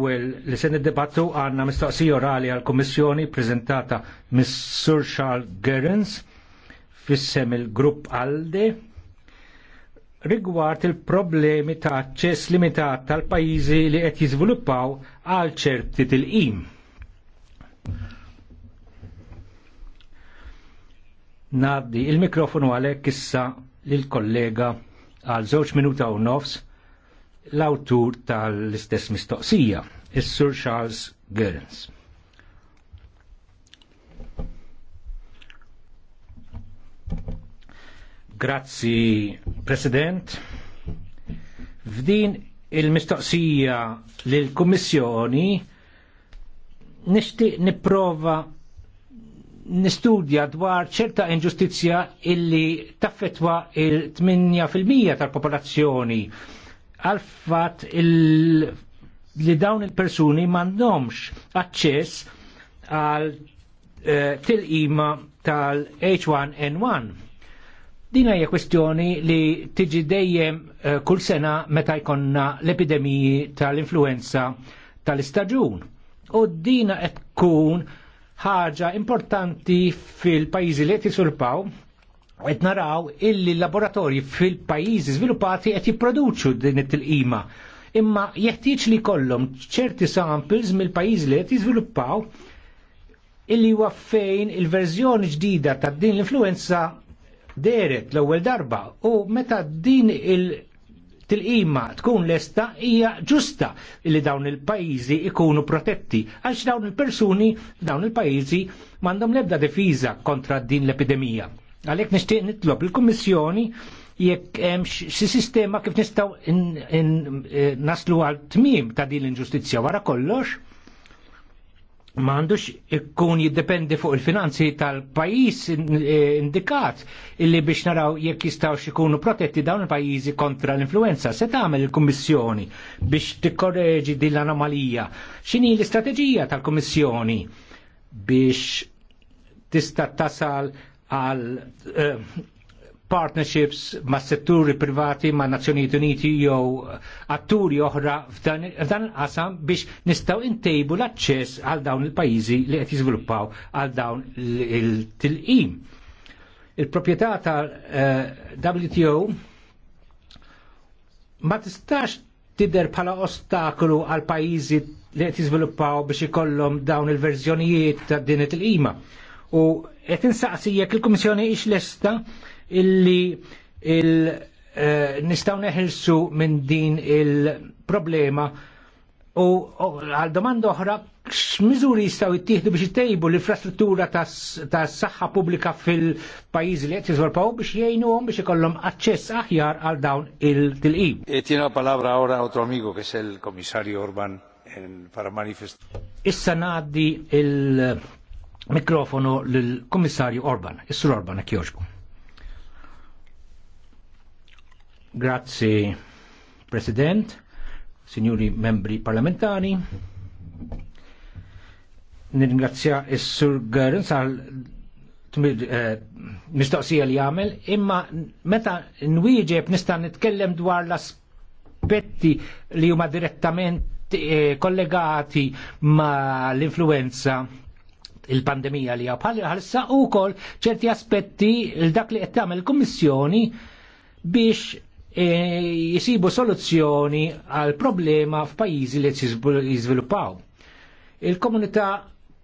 Well, li id-debattu għanna mistoqsija orali għal kommissjoni prezentata Miss Sir Charles Gerens fissem il-grupp ALDE rigward il-problemi ta' ċess limitat tal-pajizi li qed jiżviluppaw għal ċerti tilqim. Naddi il-mikrofonu għalek issa lil kollega għal żewġ minuta u nofs l-awtur tal-istess mistoqsija, il sur Charles Gerens. Grazzi, President. F'din il-mistoqsija lill-Kummissjoni nixtieq nipprova nistudja dwar ċerta inġustizzja illi taffetwa il-8% tal-popolazzjoni għal-fat li dawn il-persuni mandomx aċċess għal eh, ima tal-H1N1. Din hija kwestjoni li tiġi dejjem eh, kull sena meta jkonna l-epidemiji tal-influenza tal-istaġun. U dina qed tkun ħaġa importanti fil-pajjiżi li qed qed naraw illi laboratorji fil-pajjiżi żviluppati qed jipproduċu din it-tilqima. Imma jeħtieġ li kollom ċerti samples mill-pajjiżi li qed jiżviluppaw illi huwa fejn il-verżjoni ġdida ta' din l-influenza deret l-ewwel darba u meta din il- tilqima tkun lesta hija ġusta li dawn il-pajjiżi ikunu protetti għax dawn il-persuni dawn il-pajjiżi m'għandhom l-ebda defiża kontra din l-epidemija. Għalhekk nixtieq nitlob il-Kummissjoni jekk xi sistema kif nistgħu eh, naslu għal tmiem ta' din l-inġustizzja wara kollox m'għandux ikun jiddependi fuq il-finanzi tal-pajis eh, indikat illi biex naraw jekk jistgħu ikunu protetti dawn il-pajjiżi kontra l-influenza. Se tagħmel il-Kummissjoni biex tikkorreġi din l-anomalija. X'inhi l-istrateġija tal-Kummissjoni biex tista' tasal għal eh, partnerships ma' setturi privati ma' Nazzjonijiet Uniti jew atturi oħra f'dan il-qasam biex nistgħu intejbu l-aċċess għal dawn il-pajjiżi li qed jiżviluppaw għal dawn il-tilqim. Il-proprjetà tal-WTO eh, ma tistax tidher bħala ostakolu għal pajjiżi li qed jiżviluppaw biex ikollhom dawn il-verżjonijiet ta' din it-tilqima. U qed insaqsi jekk il-Kummissjoni ix lesta illi il eh, nistgħu neħilsu minn din il-problema u għal domanda oħra x'miżuri jistgħu jittieħdu biex jittejbu l-infrastruttura tas-saħħa pubblika fil-pajjiżi li qed jiżviluppaw biex jgħinuhom biex ikollhom aċċess aħjar għal dawn il-tilqim. Eh, tiene palabra ora otro amigo kes il komissarju Orban para manifest. Issa ngħaddi il- mikrofonu lill-Kummissarju Orban, Issur Orban ek joġbu. Grazzi, President, Signori Membri Parlamentari, nirringrazzja is-Sur Gerens għal eh, mistoqsija li għamel, imma meta nwieġeb nista' nitkellem dwar l-aspetti li huma direttament eh, kollegati ma l-influenza il-pandemija li għabħalissa u kol ċerti aspetti l-dak li għettam il-Kommissjoni biex e, jisibu soluzzjoni għal problema f'pajjiżi li jizviluppaw. Il-komunità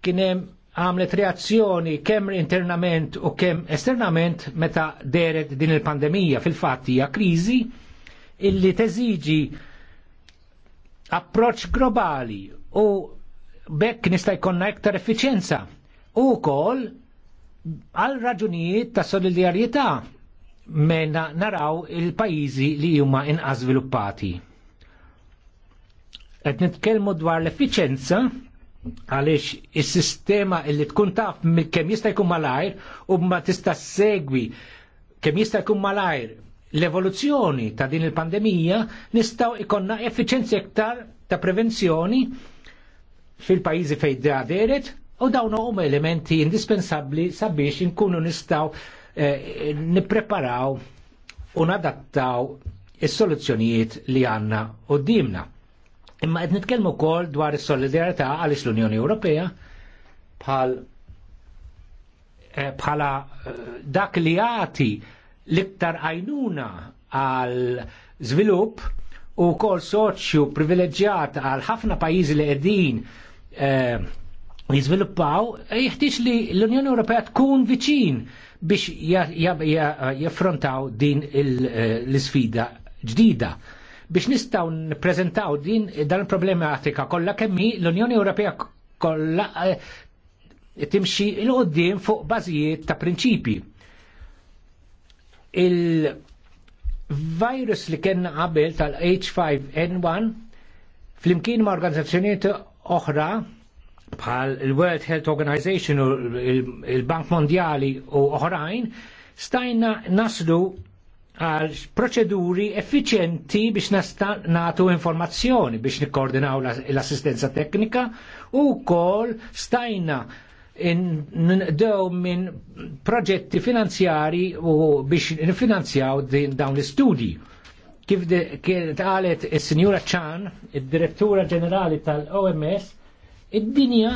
kienem għamlet reazzjoni kemm internament u kemm esternament meta deret din il-pandemija fil-fatt hija kriżi illi teżiġi approċ globali u bekk nista' jkollna iktar effiċjenza. U wkoll għal raġunijiet ta' solidarjetà mena naraw il-pajjiżi li huma inqas żviluppati. Qed nitkellmu dwar l-effiċjenza għaliex is sistema li tkun taf kemm jista' jkun malajr u ma tista' segwi kemm jista' jkun malajr l-evoluzzjoni ta' din il-pandemija nistgħu ikonna effiċenzi iktar ta' prevenzjoni fil-pajizi fej deret u dawn huma elementi indispensabbli sabiex inkunu nistaw eh, nippreparaw u nadattaw is-soluzzjonijiet li għanna u dimna. Imma qed nitkellmu wkoll dwar is-solidarità għaliex l-Unjoni Ewropea bħal eh, bħala eh, dak li jagħti l-iktar għajnuna għal żvilupp u kol soċju privileġġjat għal ħafna pajjiżi li qegħdin Eh, jizviluppaw, eh, jeħtieġ li l-Unjoni Ewropea tkun viċin biex jaffrontaw din eh, l-sfida ġdida biex nistaw n-prezentaw din dan il-problematika kollha kemmi l-Unjoni Ewropea kollha timxi il qoddim fuq bażijiet ta' prinċipi. Il-virus li kien qabel tal-H5N1 flimkien ma' organizzazzjonijiet oħra bħal il-World Health Organization u il-Bank Mondjali u oħrajn stajna naslu għal proċeduri effiċenti biex natu informazzjoni biex nikkoordinaw l-assistenza teknika u kol stajna ndew minn proġetti finanzjari u biex nifinanzjaw dawn l-istudji. Kif kienet qalet is-Sinjura Chan, id-Direttura Ġenerali tal-OMS, id-dinja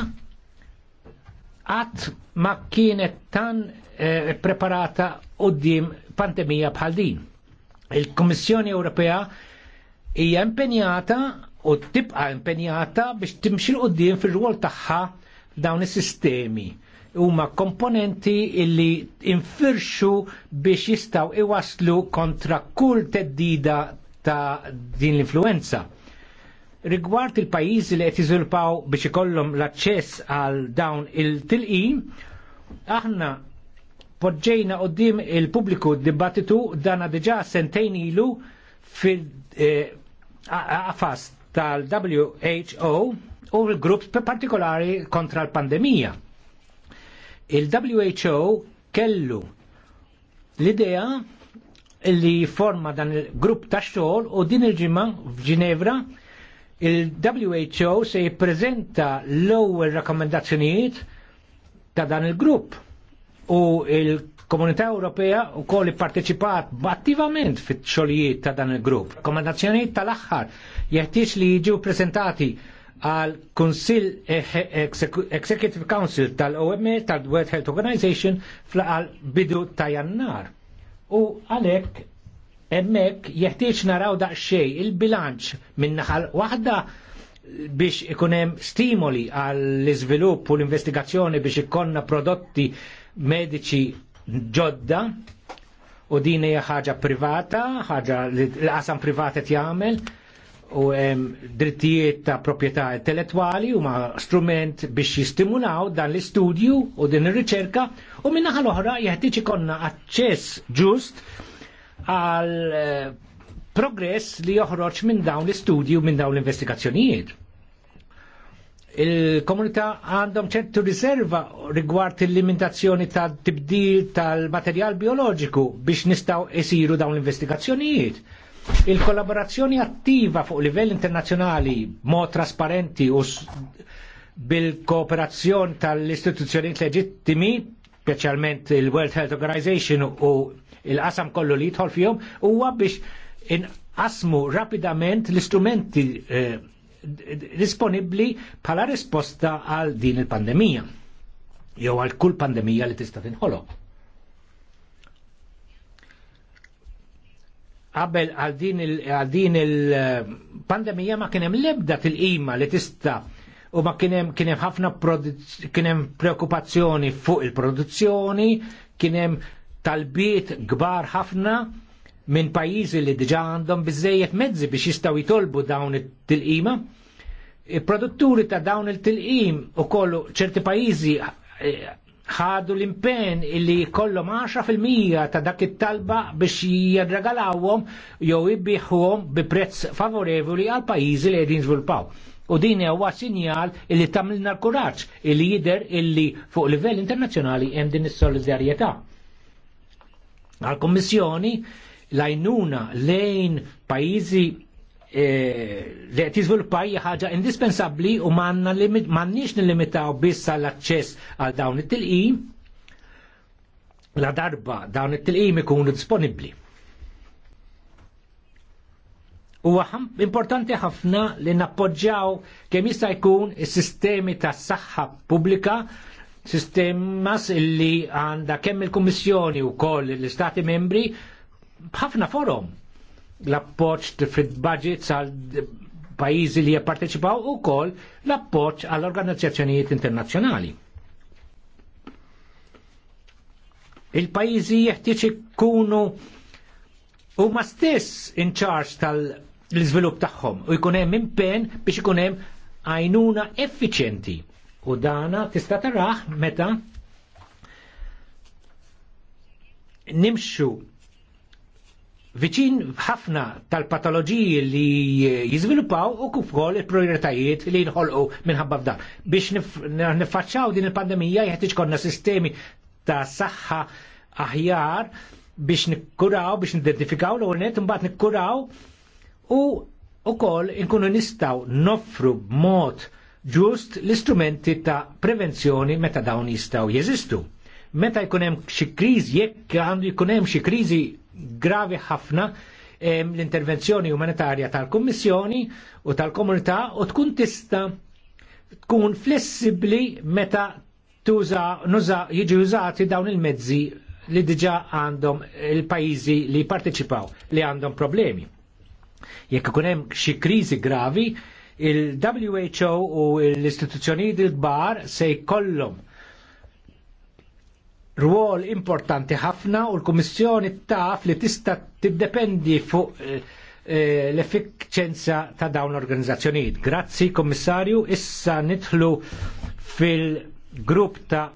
għat ma kienet tan eh, u d-dim pandemija bħal din. Il-Kommissjoni Ewropea hija impenjata u tibqa impenjata biex timxil qoddim fil rwol tagħha dawn is-sistemi huma komponenti illi infirxu biex jistaw iwaslu kontra kull teddida ta' din l-influenza rigward il-pajjiżi li qed jiżviluppaw biex ikollhom l-aċċess għal dawn il-tilqim, aħna poġġejna qoddim il-pubbliku dibattitu dana diġà sentejn ilu fil-qafas tal-WHO u l-grupp partikolari kontra l-pandemija. Il-WHO kellu l-idea li forma dan il-grupp ta' xogħol u din il-ġimgħa f'Ġinevra il-WHO se jippreżenta l-ewwel rakkomandazzjonijiet ta' dan il-grupp u il-Komunità Ewropea wkoll ipparteċipat attivament fit-xogħlijiet ta' dan il-grupp. Rakkomandazzjonijiet tal-aħħar jeħtieġ li jiġu preżentati għal Consil e- Executive Council tal-OMA e, tal-World Health Organization fl-għal bidu ta' jannar. U għalek emmek jeħtieġ naraw daqsxej il-bilanċ minn naħal waħda biex ikunem stimoli għall-izvilupp u l-investigazzjoni biex ikonna prodotti medici ġodda u din hija ħaġa privata, ħaġa li l-qasam privata qed jagħmel u drittijiet ta' proprjetà intellettwali huma strument biex jistimulaw dan l-istudju u din ir-riċerka u minnaħa l-oħra jeħtieġ ikollna aċċess ġust għal eh, progress li joħroġ minn dawn l-istudju minn dawn l-investigazzjonijiet. Il-komunità għandhom ċertu riserva rigward il-limitazzjoni ta' tibdil tal-materjal bioloġiku biex nistaw esiru dawn l-investigazzjonijiet. Il-kollaborazzjoni attiva fuq livell internazzjonali mod trasparenti u bil-kooperazzjoni tal-istituzzjonijiet leġittimi, specialment il-World Health Organization u il-qasam kollu li jitħol fihom, huwa biex inqasmu rapidament l-istrumenti eh, disponibbli bħala risposta għal din il-pandemija jew għal kull pandemija li tista' tinħoloq. qabel għal din il-pandemija eh, ma kienem lebda fil qima li tista u ma kienem kienem ħafna kienem preokupazzjoni fuq il-produzzjoni, kienem talbiet gbar ħafna minn pajjiżi li diġa għandhom biżejjed mezzi biex jistaw jitolbu dawn it-tilqima. Il-produtturi ta' dawn il-tilqim u kollu ċerti pajjiżi eh, ħadu l-impen illi kollom 10% ta' dak it-talba biex jirregalawhom jew jibbiħuhom bi prezz favorevoli għal pajjiżi li qegħdin żviluppaw. U din huwa sinjal illi tagħmilna l-kuraġġ illi jidher illi fuq livell internazzjonali hemm din is-solidarjetà. Għal-Kommissjoni lajnuna lejn pajjiżi Eh, li qed jiżviluppaw ħaġa indispensabbli u nil-limitaw biss għall-aċċess għal dawn it tilqi la darba dawn it-tilqim ikunu disponibbli. Huwa importanti ħafna li nappoġġjaw kemm jista' jkun is-sistemi tas-saħħa pubblika sistemas illi għandha kemm il-Kummissjoni wkoll l-Istati membri b'ħafna forum l-appoċ fit budget għal pajizi li jipparteċipaw u kol l-appoċ għall organizzazzjonijiet internazzjonali. Il-pajizi jeħtieġ ikunu u ma stess in charge tal-izvilupp tagħhom u jkun hemm impenn biex ikun hemm għajnuna effiċenti u dana tista' taraħ meta nimxu viċin ħafna tal patologiji li jizviluppaw u kuf ukoll il-prioritajiet li jinħolqu minħabba f'dan. Biex nifacċaw din il-pandemija jeħtieġ konna sistemi ta' saħħa aħjar biex nikkuraw, biex nidentifikaw l-għonet, mbagħad nikkuraw u ukoll inkunu nistgħu noffru mod ġust l-istrumenti ta' prevenzjoni meta dawn jistgħu jeżistu. Meta jkunem hemm xi kriżi, jekk għandu jkunem hemm xi kriżi gravi ħafna l-intervenzjoni umanitarja tal-Kummissjoni u tal-Komunità u tkun tista tkun flessibli meta tuża nuża jiġi użati dawn il-mezzi li diġa għandhom il-pajjiżi li parteċipaw li għandhom problemi. Jekk ikun hemm xi kriżi gravi, il-WHO u l-istituzzjonijiet il-kbar se jkollhom rwol importanti ħafna u l-Kummissjoni taf li tista' tiddependi fuq eh, eh, l-effiċenza ta' dawn l-organizzazzjonijiet. Grazzi, Kommissarju, issa nidħlu fil-grupp ta'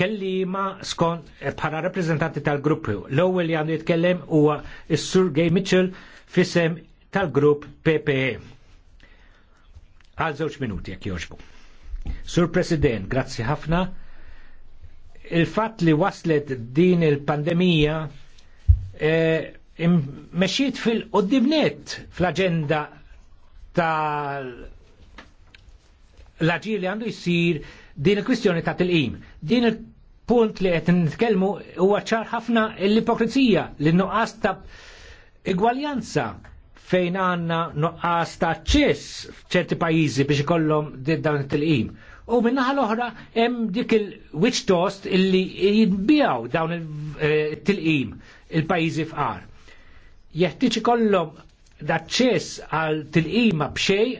kellima skont eh, bħala rappresentanti tal-grupp. L-ewwel li għandu jitkellem huwa s-Sur Gay Mitchell fisem tal-grupp PPE. Għal żewġ minuti jekk jogħġbu. Sur President, grazzi ħafna il-fatt li waslet din il-pandemija e, meċiet fil-qoddimnet fl-agenda tal l-aġir li għandu jisir din il-kwistjoni ta' tilqim. Din il-punt li qed nitkellmu huwa ċar ħafna l-ipokrizija li nuqqas ta' igwaljanza fejn għanna nuqqas ta' ċess f'ċerti pajjiżi biex ikollhom dan til tilqim U minnaħa l-oħra hemm dik il-witch toast illi jinbijaw dawn il-tilqim eh, il-pajjiżi fqar. Jeħtieġ ikollhom daċċess għal tilqima b'xej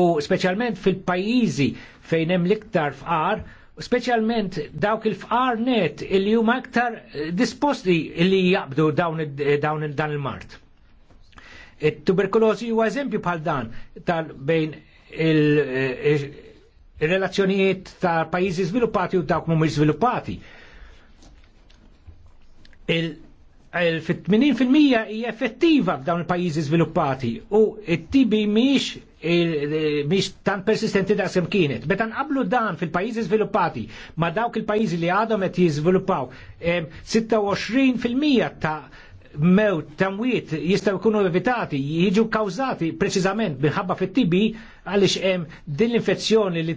u speċjalment fil-pajjiżi fejn hemm l-iktar fqar, speċjalment dawk il-fqar net illi huma aktar disposti illi jaqbdu dawn eh, dan il-mart. It-tuberkulożi huwa eżempju bħal dan tal-bejn il- eh, relazzjonijiet ta' pajizi sviluppati u dawk mumiex sviluppati. Il-80% hija effettiva f'dawn il pajjiżi sviluppati u it-tibi miex mhix tan persistenti da' sem kienet. Meta qablu dan fil pajjiżi sviluppati ma' dawk il pajjiżi li għadhom qed jiżviluppaw 26% ta' mew tamwit jistaw jkunu evitati, jiġu kawzati preċiżament minħabba fit-TB għaliex hemm din l-infezzjoni li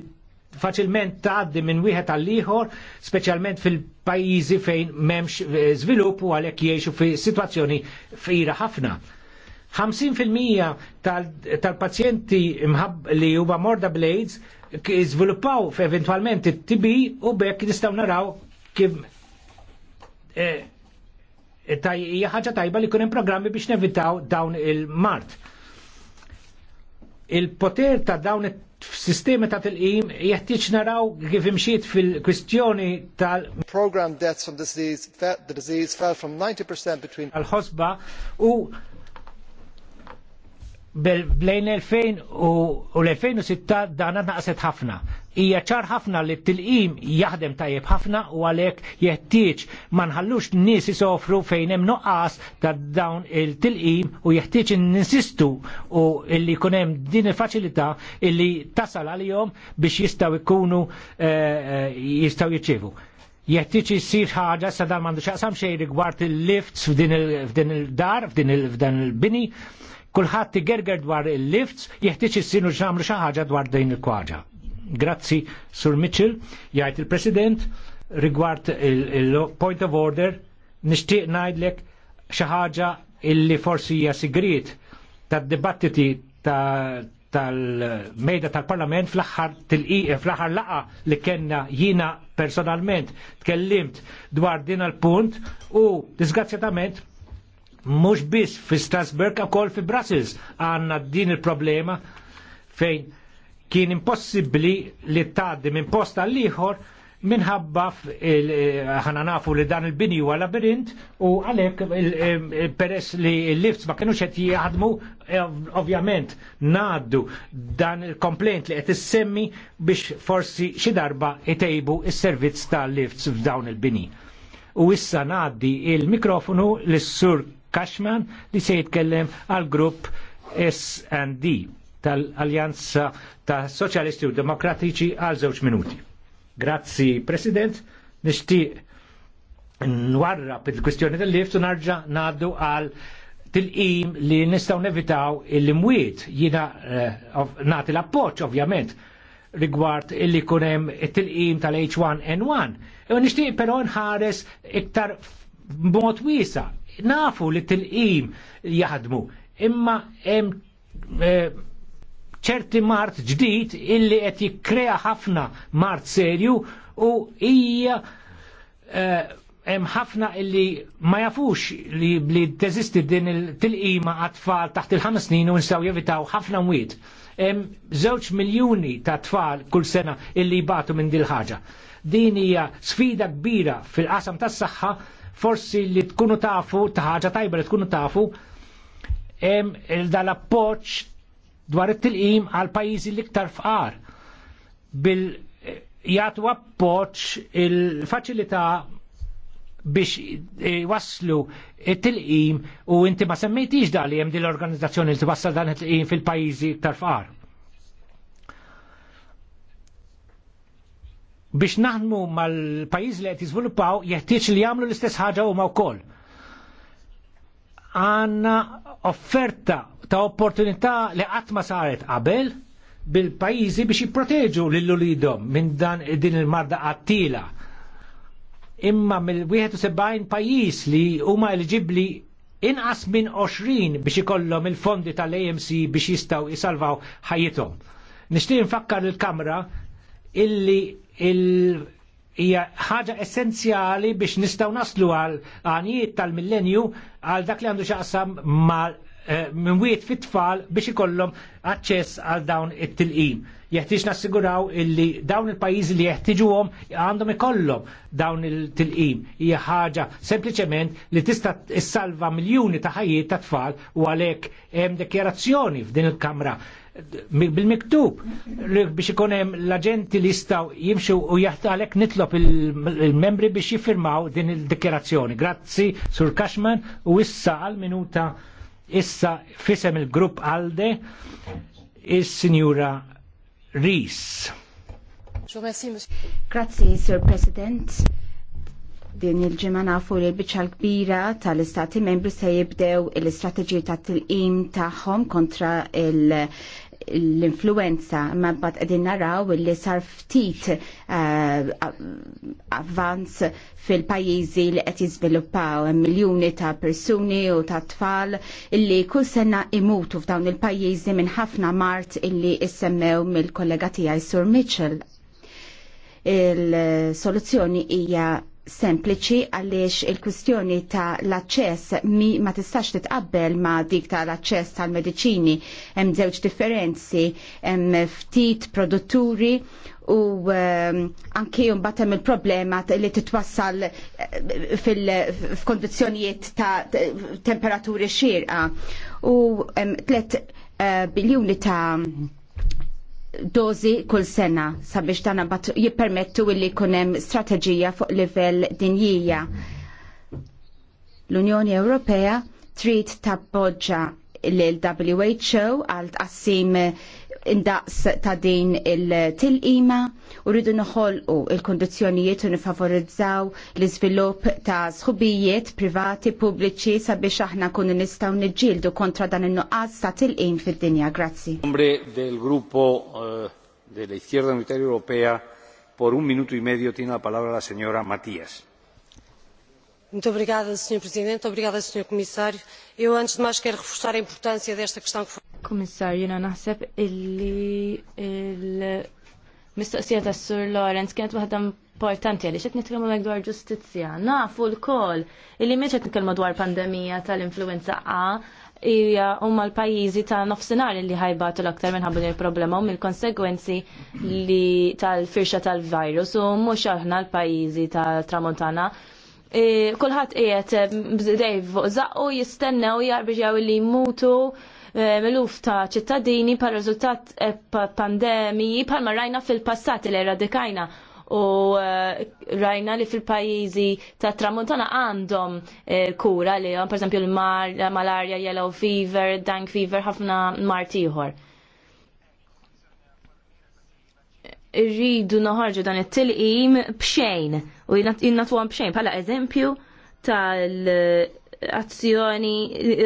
faċilment tgħaddi minn wieħed għall ieħor, speċjalment fil-pajjiżi fejn m'hemmx eh, żvilupp u għalhekk jgħixu fi sitwazzjoni fira ħafna. 50% tal-pazjenti tal li huwa morda blades żviluppaw f'eventwalment it-TB u bekk nistgħu naraw kif eh, hija ħaġa tajba li kunem programmi biex nevitaw dawn il-mart. Il-poter ta' dawn sistemi ta' tilqim jeħtieġ naraw kif imxiet fil-kwistjoni tal- Program deaths from disease, the disease fell from 90% between al-ħosba u bejn 2000 u l-2006 dana naqset ħafna hija ċar ħafna li t-tilqim jaħdem tajjeb ħafna u għalhekk jeħtieġ ma nħallux nies isofru fejn hemm noqqas ta' dawn il-tilqim u jeħtieġ ninsistu u illi jkun hemm din il-faċilità illi tasal għalihom biex jistgħu jkunu eh, eh, jistgħu jirċievu. Jeħtieġ issir ħaġa sa dan m'għandu xaqsam xej rigward il-lifts f'din il-dar, f'din il-bini, kulħadd tigerger dwar il-lifts, jeħtieġ jissir nuġamlu xi ħaġa dwar din il-kwaġa Grazzi, Sur Mitchell, jgħid il-President, rigward il-point of order, nixtieq ngħidlek xi ħaġa illi forsi hija sigrit tad-dibattiti tal-mejda tal-parlament fl-axħar fl-axħar laqa li kena jina personalment tkellimt dwar din għal-punt u disgrazzjatament mux biss fi Strasburg u fi Brussels għanna din il-problema fejn kien impossibbli li tgħaddi minn posta għal ieħor minħabba eh, ħana nafu li dan il-bini huwa labirint u għalhekk eh, peress li l-lifts ma kinux qed jgħadmu ovvjament ngħaddu dan il-komplejnt li qed semmi biex forsi xi darba jtejbu il servizz tal-lifts f'dawn il-bini. U issa ngħaddi il-mikrofonu lis sur Cashman li se jitkellem għal grupp S&D tal-Aljanza ta' Soċjalisti u Demokratiċi għal żewġ minuti. Grazzi, President. Nixtieq nwarra il-kwistjoni tal-lift u narġa' ngħaddu għal tilqim li nistgħu nevitaw il-imwiet jiena eh, nagħti l-appoġġ ovvjament rigward illi kunem it-tilqim tal-H1N1. U nixtieq però nħares iktar b'mod wiesa. Nafu li t tilqim jaħdmu, imma hemm eh, ċerti mart ġdid illi qed jikkrea ħafna mart serju u hija eh, hemm uh, ħafna illi ma jafux li li teżisti din il-tilqima għat-tfal taħt il-ħames snin u nistgħu jevitaw ħafna mwiet. Hemm żewġ miljuni ta' tfal kull sena illi jbatu minn dil ħaġa. Din hija sfida kbira fil-qasam tas-saħħa forsi li tkunu tafu ta' ħaġa tajba li tkunu tafu hemm dal-appoġġ dwar it-tilqim għal pajjiżi l-iktar fqar bil jagħtu appoċ il-faċilità biex eh, waslu it-tilqim u inti ma semmejtix da li hemm din l-organizzazzjoni li twassal dan it-tilqim fil-pajjiżi iktar fqar. Biex naħdmu mal-pajjiż li qed jiżviluppaw jeħtieġ li jagħmlu l-istess ħaġa huma wkoll għanna offerta ta' opportunità li għatma saret qabel bil-pajizi biex jipproteġu l-lulidom minn dan din il-marda għattila. Imma mill-71 pajis li huma eligibli inqas minn 20 biex ikollhom il-fondi tal-AMC biex jistaw jisalvaw ħajjithom. Nixtieq nfakkar il-Kamra illi il- hija ħaġa essenzjali biex nistgħu naslu għal għanijiet tal-millenju għal dak li għandu xaqsam mal eh, minn wiet fit-tfal biex ikollhom aċċess għal dawn it-tilqim. Jeħtieġ nassiguraw illi dawn il-pajjiżi li jeħtieġuhom għandhom ikollhom dawn il-tilqim. Hija ħaġa sempliċement li tista' issalva miljuni ta' ħajjiet ta' tfal u għalhekk hemm dekjerazzjoni f'din il-Kamra bil-miktub biex ikun hemm l-aġenti li jistgħu jimxu u jaħtalek nitlob il-membri biex jiffirmaw din il-dikjerazzjoni. Grazzi Sur Kashman u issa għal minuta issa fisem il-grupp Alde is-Sinjura Rees. Grazzi Sur President din il-ġimgħa nafu li l-biċċa l-kbira tal-istati membri se jibdew l-istrateġiji tat tilqim tagħhom kontra il- l-influenza ma bat qegħdin naraw li sar ftit uh, avvanz fil-pajjiżi li qed jiżviluppaw hemm miljuni ta' persuni u ta' tfal illi kull sena imutu f'dawn il-pajjiżi minn ħafna mart illi issemmew mill-kollega tiegħi Sur Mitchell. Il-soluzzjoni hija sempliċi għaliex il-kwistjoni ta' l-aċċess mi ma tistax titqabbel ma' dik ta' l-aċċess tal-mediċini hemm żewġ differenzi hemm ftit produtturi u ehm, anke mbagħad hemm il-problema li titwassal eh, f'kondizzjonijiet ta' temperaturi xierqa u hemm tlet eh, biljuni ta' dozi kull sena sabiex dan bat jippermettu illi kunem strategija fuq livell dinjija. L-Unjoni Ewropea trid tabboġġa l-WHO għal tqassim indaqs ta' din il-tilqima u rridu nħolqu il-kondizjonijiet u nifavorizzaw l izvilupp ta' sħubijiet privati pubbliċi sabiex aħna kunu nistgħu niġġieldu kontra dan in-nuqqas ta' tilqim fid-dinja. Grazzi. Ombre del gruppo eh, de izquierda unitaria europea por un minuto y medio tiene la palabra la señora Matías. Muito obrigada, Sr. Presidente. Obrigada, Sr. Comissário. Eu, antes de mais, quero reforçar a importância desta questão que foi... Comissário, jena naħseb illi il-mistoqsija ta' Sur Lawrence kienet waħda importanti għaliex qed nitkellmu hekk dwar ġustizzja. Nafu l-kol illi mhux qed nitkellmu dwar pandemija tal-influenza A, hija huma l-pajjiżi ta' nofsinhar li ħajbatu l-aktar minn minħabba il-problema u mill-konsegwenzi li tal-firxa tal-virus u mhux aħna l-pajjiżi tal-tramontana E, kulħadd qiegħed e, bdej zaqqu jistennew jarbiġew li jmutu e, miluf ta' ċittadini pa' riżultat pandemiji palma rajna fil-passat li radikajna u rajna li fil-pajizi ta' tramontana għandhom kura li għan per l-mar, malaria, yellow fever, dank fever, ħafna martiħor. irridu noħarġu dan it-tilqim bxejn u jinnatwom bxejn bħala eżempju tal-azzjoni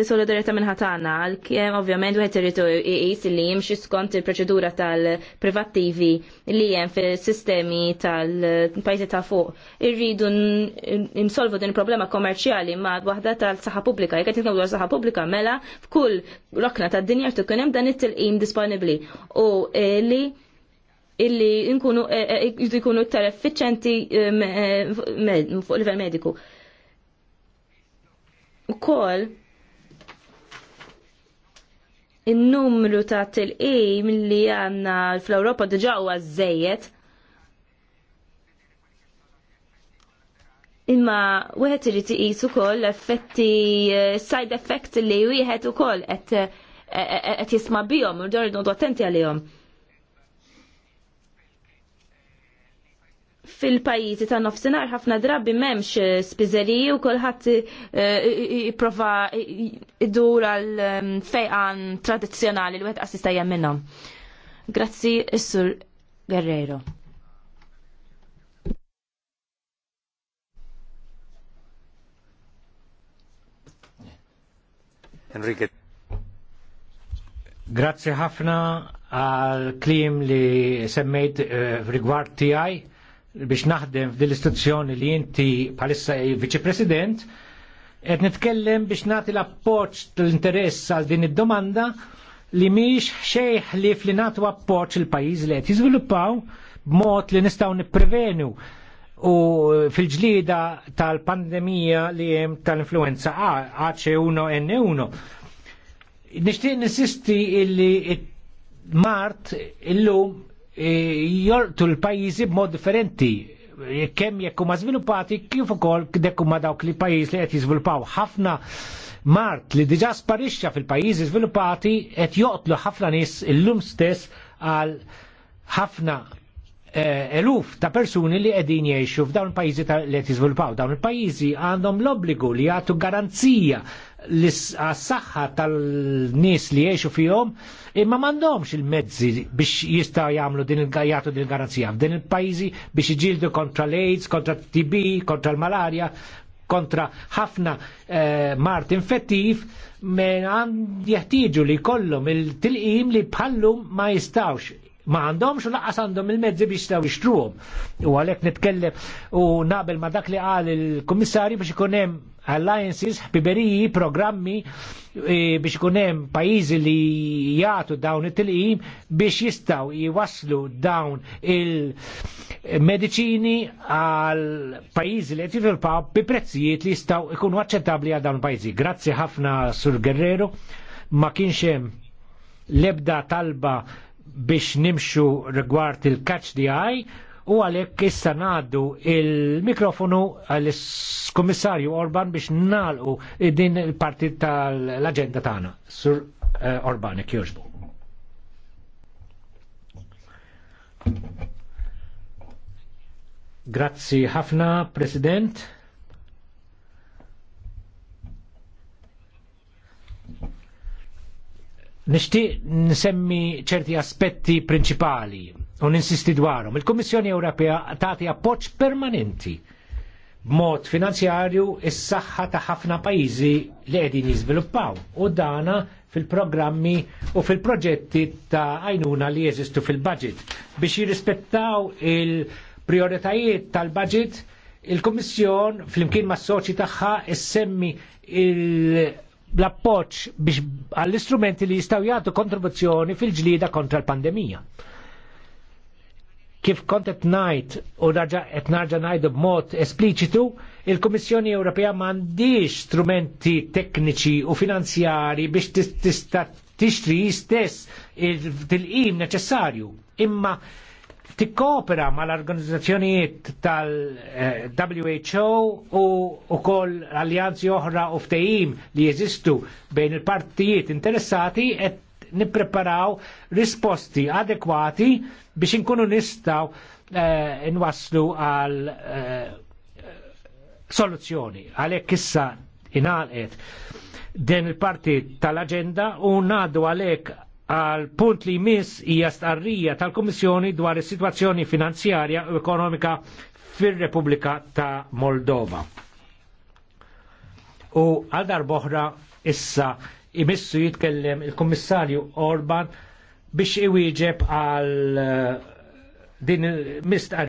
solidarieta ħatana għal-kem ovvjament wieħed irridu jqis li jimxi skont il-proċedura tal-privattivi li hemm fis-sistemi tal-pajjiżi ta' fuq. Irridu insolvu din il-problema kommerċjali ma' waħda tal-saħħa pubblika. Jekk qed dwar saħħa pubblika mela f'kull rokna tad-dinja tkun hemm dan it-tilqim disponibbli u li illi nkunu eh, eh, eh, jkunu iktar effiċenti fuq livell mediku. Ukoll in-numru ta' til-qim li għanna fl-Ewropa diġà huwa żejjed imma wieħed irid iqis ukoll effetti side effects li wieħed ukoll qed qed jisma' bihom u dor attenti għalihom. fil-pajizi ta' nofsinar ħafna drabi memx eh, spizzeriji u kolħat eh, jiprofa idur għal ehm, fejqan tradizjonali li għed assista jemminom. Grazzi, Issur Guerrero. Enrique. Grazzi ħafna għal klim li semmejt uh, rigward tijaj biex naħdem f'din l-istituzzjoni li inti bħalissa viċi president, qed nitkellem biex nagħti l-appoġġ tal-interess għal din id-domanda li miex xejn li li nagħtu appoġġ il-pajjiż li qed jiżviluppaw b'mod li nistgħu nipprevenu u fil-ġlida tal-pandemija li hemm tal-influenza A, AC1N1. Nixtieq insisti illi mart illum E jortu l-pajjiżi b'mod differenti e kemm jekk huma żviluppati kif ukoll dek ma dawk li pajjiż li qed jiżviluppaw. Ħafna mart li diġà sparixxa fil-pajjiżi żviluppati qed joqtlu ħafna nies illum stess għal ħafna e, eluf ta' persuni li qegħdin jgħixu f'dawn il-pajjiżi li qed jiżviluppaw. Dawn il-pajjiżi għandhom l-obbligu li jagħtu garanzija l saħħa tal-nies li jgħixu fihom imma m'għandhomx il-mezzi biex jistgħu jagħmlu din il gajatu din il-garanzija f'din il-pajjiżi biex iġildu kontra l-AIDS, kontra TB, kontra l malaria kontra ħafna eh, mart infettiv jeħtieġu li kollum il-tilqim li bħallum ma jistawx ma għandhomx u laqqas għandhom il-mezzi biex taw ixtruhom. U għalhekk nitkellem u naqbel ma dak li qal il-kummissarju biex ikun hemm alliances, biberiji, programmi e, biex kunem pajizi li jgħatu dawn it-tilqim biex jistaw jwaslu dawn il-medicini għal pajizi li qed l bi prezzijiet li jistaw ikunu aċċettabbli għal dawn pajizi. Grazzi ħafna sur Guerrero, ma kienx l lebda talba biex nimxu rigward il catch di eye u għalhekk issa ngħaddu il-mikrofonu għall-Kummissarju Orban biex nalqu din il-parti tal-aġenda tagħna. Sur eh, Orban, jogħġbu. Grazzi ħafna, President. Nishtiq nsemmi ċerti aspetti principali u ninsisti dwarhom. Il-Kummissjoni Ewropea tagħti appoġġ permanenti b'mod finanzjarju is-saħħa ta' ħafna pajjiżi li qegħdin jiżviluppaw u dana fil-programmi u fil-proġetti ta' għajnuna li jeżistu fil-budget biex jirrispettaw il-prioritajiet tal-budget il-Kummissjon fl-imkien ma' soċi tagħha issemmi l-appoġġ biex għall-istrumenti li jistgħu jagħtu kontribuzzjoni fil-ġlida kontra l-pandemija kif kont qed ngħid u raġa qed narġa' ngħidu b'mod espliċitu, il-Kummissjoni Ewropea m'għandix strumenti tekniċi u finanzjari biex tista' tixtri jistess il-tilqim neċessarju. Imma tikkopera mal-organizzazzjonijiet tal-WHO u ukoll alljanzi oħra u ftehim li jeżistu bejn il-partijiet interessati qed nippreparaw risposti adekwati biex inkunu nistaw eh, nwaslu għal eh, soluzzjoni. Għalhekk issa inalqet din il-parti tal-agenda u ngħaddu għalhekk għal punt li jmiss hija starrija tal-Kummissjoni dwar is-sitwazzjoni finanzjarja u ekonomika fir-Repubblika ta' Moldova. U għal darboħra issa imissu jitkellem il-Kummissarju Orban biex iwieġeb għal eh, din il mist